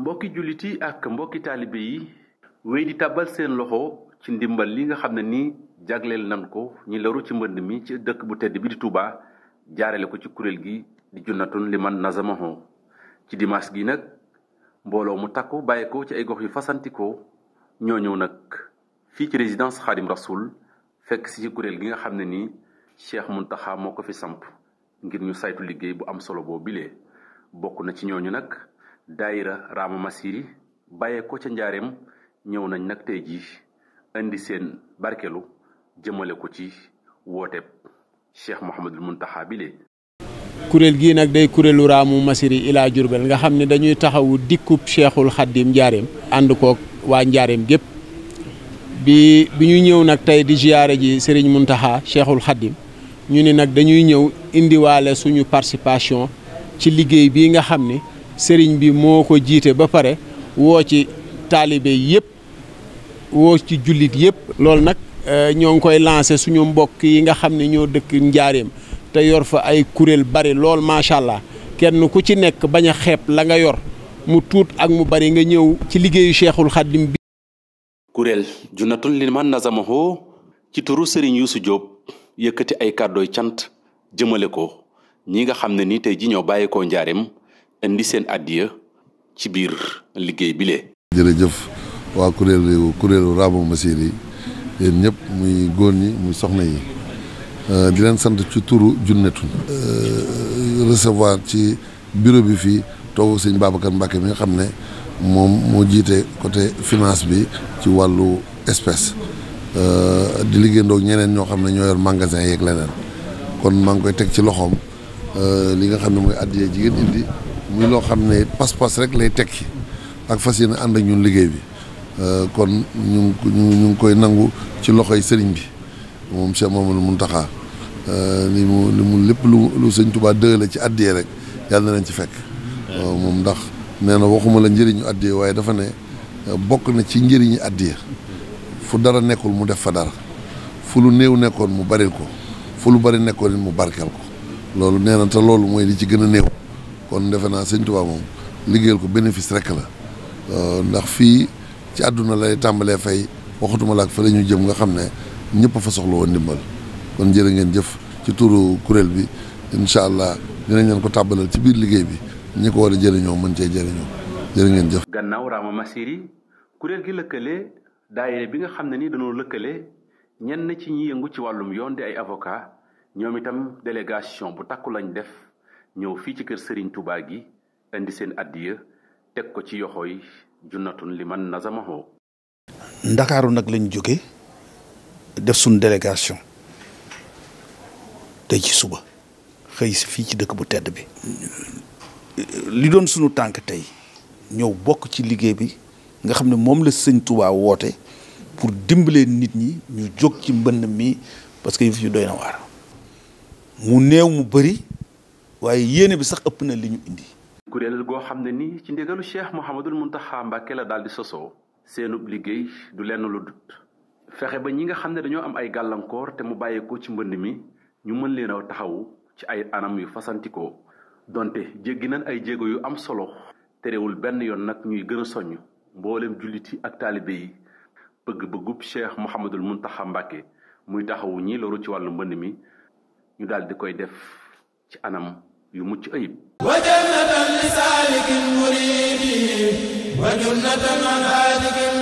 mbokki jullit yi ak mbokki taalibe yi wéy di tàbbal seen loxo ci ndimbal li nga xam ne nii jagleel nan ko ñi laru ci mbënd mi ci dëkk bu tedd bi di Touba jaarale ko ci kuréel gi di junnatun li man nazamaho ci dimanche gi nag mbooloo mu takk bàyyi ci ay gox yu fasantikoo ñoo ñëw nag fii ci résidence Xaadim Rasoul fekk si ci kuréel gi nga xam ne nii Cheikh Muntaxa moo ko fi samp ngir ñu saytu liggéey bu am solo boo bilee bokk na ci ñooñu nag daayira Rama Masiri bàyyee ko ca njaareem ñëw nañ nag tey jii indi seen barkelu jëmale ko ci wooteeb Cheikh Mouhamadul Muntaxa bile kuréel gii nag day kuréelu Raamu Masiri ilaa Jurbel nga xam ne dañuy taxawu dikkub Cheikhul Xaddim njaareem ànd koog waa njaareem gépp bi bi ñu ñëw nag tey di ziyaare ji Serigne Muntaxa Cheikhul Xaddim ñu ni nag dañuy ñëw indiwaale suñu participation ci liggéey bii nga xam ni sëriñ bi moo ko jiite ba pare woo ci taalibe yëpp woo ci jullit yëpp loolu nag eh, ñoo ngi koy lancé suñu mbokk yi nga xam ne ñoo dëkk njaareem te yor fa ay kuréel bari lool macha allah kenn ku ci nekk bañ a xeeb la nga yor mu tuut ak mu bari nga ñëw ci liggéeyu Cheikhul Khadim bi kuréel Junatun liman nazamahu ci turu Serigne Youssou Diop yëkkati ay kàddooy cant jëmale ko ñi nga xam ne ni tey ji ñoo bàyyeekoo njaarim indi seen addiya ci biir liggéey bi lee jërëjëf waa kuréelu kuréelu Raabo Massir yi yéen ñëpp muy góor ñi muy soxna yi euh, di leen sant ci turu Junnetun euh, recevoir ci bureau bi fii toog sëñ Babacar Mbacke bi nga xam ne moom moo jiite côté finance bi ci wàllu espèce di liggéeyandoog ñeneen ñoo xam ne ñoo yor magasin yeeg leneen kon maa ngi koy teg ci loxoom euh, li nga xam ne mooy addiyee jigéen indi muy loo xam ne pas-pas rek lay teg tekki ak fas yéene ànd ak ñun liggéey bi euh, kon ñu ngi koy nangu ci loxo yi sëriñ bi moom Cheikh Mamadou Mountakha euh, li mu li mu lépp lu lu sëñ Tuubaa dëgale ci addiyee rek yàlla na leen ci fekk moom ndax nee na waxuma la njëriñu addiyee waaye dafa ne bokk na ci njëriñu addiyee fu dara nekkul mu def fa dara fu lu néew nekkoon mu baril ko fu lu bari nekkoon mu barkeel ko loolu nee na te loolu mooy li ci gën a néew kon defe naa sëñ Tuubaa moom liggéeyal ko bénéfice rek la euh, ndax fii ci àdduna lay tàmbalee fay waxatuma la ak fa la ñu jëm nga xam ne ñëpp fa soxla woon ndimbal kon jërë ngeen jëf ci turu kuréel bi incha allah dinañ leen ko tàbbalal ci biir liggéey bi ñi ko war a jëriñoo mën cee jëriñoo jërë ngeen jëf. gannaaw Rama Massiri kuréel gi daayire bi nga xam ne ni dañoo lëkkale ñenn ci ñi yëngu ci wàllum yoon di ay avocat ñoom itam délégation bu takku lañ def ñëw fii ci kër Serigne Touba gi indi seen addiya teg ko ci yoxooy junnatun li man nazamaho ndakaaru nag lañ jóge def suñ délégation tey ci suba xëy si fii ci dëkk bu tedd bi li doon sunu tànk tey ñëw bokk ci liggéey bi nga xam ne moom la sëñ Touba woote pour dimbalee nit ñi ñu jóg ci mbënn mi parce que yëf yi doy na waar mu néew mu bëri waaye yéene bi sax ëpp na li ñu indi. kuréel goo xam ne ni ci ndigalu Cheikh Mouhamadul Mountakha Mbacké la daal di sosoo seenub liggéey du lenn lu dut fexe ba ñi nga xam ne dañoo am ay gàllankoor te mu bàyyeekoo ci mbënn mi ñu mën leen a taxawu ci ay anam yu fasantikoo donte jéggi nañ ay jéego yu am solo terewul benn yoon nag ñuy gën a soññ mboolem jullit yi ak taalibe yi bëgg-bëggub cheikh Mouhamadul Muntaxa Mbàkke muy taxawu ñi loru ci wàllu mbënd mi ñu daldi koy def ci anam yu mucc ayib wa jannatan li saalikin muridi